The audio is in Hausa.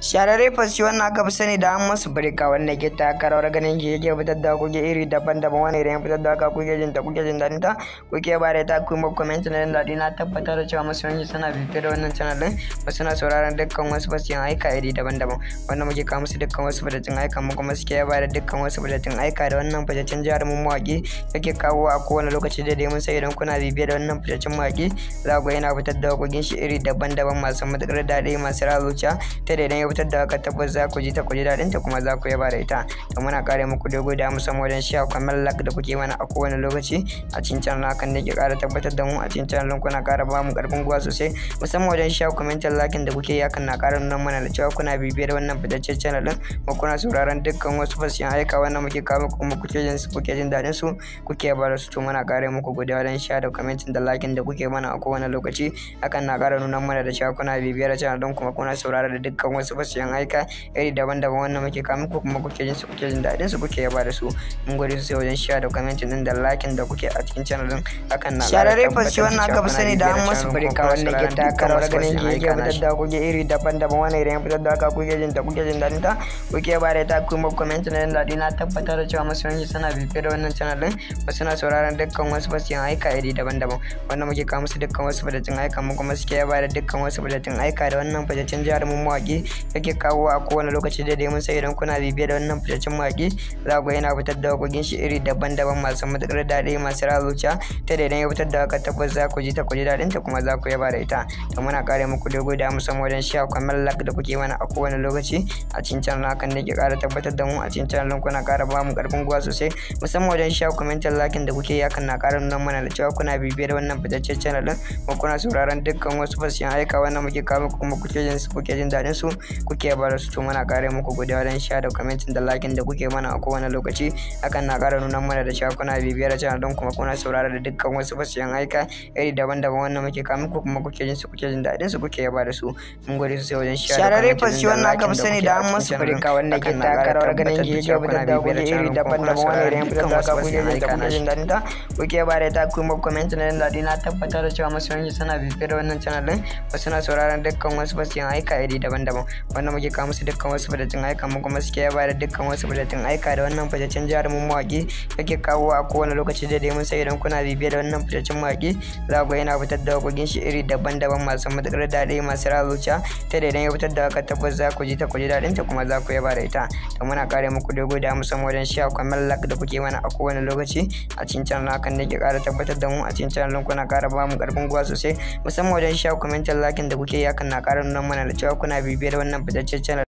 shararre fasi wannan aka fi sani da an masu birka wanda ke taka rawar ganin ki yake fitar da kuke iri daban-daban wani irin fitar da haka kuke jin ta kuke jin daɗin ta kuke ba da ta kuma comment na jin daɗi na tabbatar da cewa masu yanki suna bibiyar da wannan channel din ba suna sauraron dukkan wasu fasiyan aika iri daban-daban wanda muke kawo musu dukkan wasu fitattun aika mu kuma suke ba da dukkan wasu fitattun aika da wannan fitattun jihar mun mawaƙi yake kawo a kowane lokaci da mun sai idan kuna bibiyar da wannan fitattun mawaƙi za ku yana fitar da hakokin shi iri daban-daban masu matuƙar daɗi masu razuciya ta daidai wutar da aka tabbas za ku ji ta ku ji daɗin ta kuma za ku yaba da ita to muna kare muku dogo da musamman wajen sha kamar lak da kuke mana a kowane lokaci a cikin channel hakan da ke ƙara tabbatar da mu a cikin channel kuna ƙara ba mu ƙarfin gwa sosai musamman wajen sha commentin lakin da kuke kan na ƙara nuna mana da cewa kuna bibiyar wannan fitaccen channel din kuma kuna sauraron dukkan wasu fasiyan aika wannan muke kawo muku kuma kuke jin kuke jin daɗin su kuke ba da su to muna ƙara muku godiya wajen sha da commentin da lakin da kuke mana a kowane lokaci hakan na ƙara nuna mana da cewa kuna bibiyar channel din kuma kuna sauraron dukkan wasu taɓa aika iri daban-daban wannan muke kamun muku kuma kuke jin su kuke jin daɗin su kuke yaba da su mun gode sosai wajen shiya da commenting din da lakin da kuke a cikin channel din hakan na sharare fashi wannan aka fi sani da an masu birka wanda ke takarar ganin ke ke fitar da kuke iri daban-daban wannan irin fitar da aka kuke jin ta kuke jin daɗin ta kuke yaba da ta kuma commenting din daɗi na tabbatar da cewa masu yanki suna bibiyar da wannan channel din ba suna sauraron dukkan wasu fasiyan aika iri daban-daban wannan muke kawo musu dukkan wasu fitattun aika mu kuma suke yaba da dukkan wasu fitattun aika da wannan fitattun jarumin mawaƙi kake kawo a kowane lokaci daidai mun sai idan kuna bibiya da wannan fitaccen mawaƙi za ku yana fitar da waƙoƙin shi iri daban-daban masu matuƙar daɗi masu razuciya ta da idan ya fitar da waƙa takwas za ku ji ta ku ji daɗin ta kuma za ku yaba da ita to muna ƙara muku dogo da musamman wajen sha kamar lak da kuke mana a kowane lokaci a cincin na hakan da ke ƙara tabbatar da mu a cincin channel kuna ƙara ba mu ƙarfin guwa sosai musamman wajen sha kwamentin lakin da kuke yakan na ƙara nuna mana da cewa kuna bibiyar wannan fitaccen channel din kuma kuna sauraron dukkan wasu fasiyan aika wannan muke kawo kuma kuke jin su kuke jin daɗin su kuke bar su to muna kare muku gode wajen sha da commenting da liking da kuke mana a kowane lokaci hakan na kara nuna mana da cewa kuna bibiyar channel don kuma kuna saurara da dukkan wasu fasiyan aika iri daban-daban wannan muke kawo muku kuma kuke jin su kuke jin daɗin su kuke yaba da su mun gode sosai wajen sha da shararre fasi wannan aka fi sani da an masu furika wanda ke takarar ganin ke ga bidan da kuke iri daban-daban wannan irin fitar da ka kuke jin da kuke jin daɗin ta kuke ba da ta kuma comment na daɗi na tabbatar da cewa masoyan suna bibiyar wannan channel din ba suna sauraron dukkan wasu fasiyan aika iri daban-daban wannan muke kawo musu dukkan wasu fitattun aika mu kuma suke yaba da dukkan wasu fitattun aika da wannan fitaccen jarumin mawaƙi yake kawo a kowane lokaci da dai mun sai idan kuna bibiya da wannan fitaccen mawaƙi za ku yana fitar da waƙoƙin shi iri daban-daban masu matuƙar daɗi masu zuciya ta da idan ya fitar da haka tabbas za ku ji ta ku ji daɗin ta kuma za ku yaba da ita da muna ƙara muku dogo da musamman wajen sha kwamar lak da kuke mana a kowane lokaci a cikin channel hakan da ke ƙara tabbatar da mu a cikin channel kuna ƙara ba mu ƙarfin gwiwa sosai musamman wajen sha kwamentar lakin da kuke hakan na ƙara nuna mana da cewa kuna bibiyar wannan करना बजाज अच्छा चैनल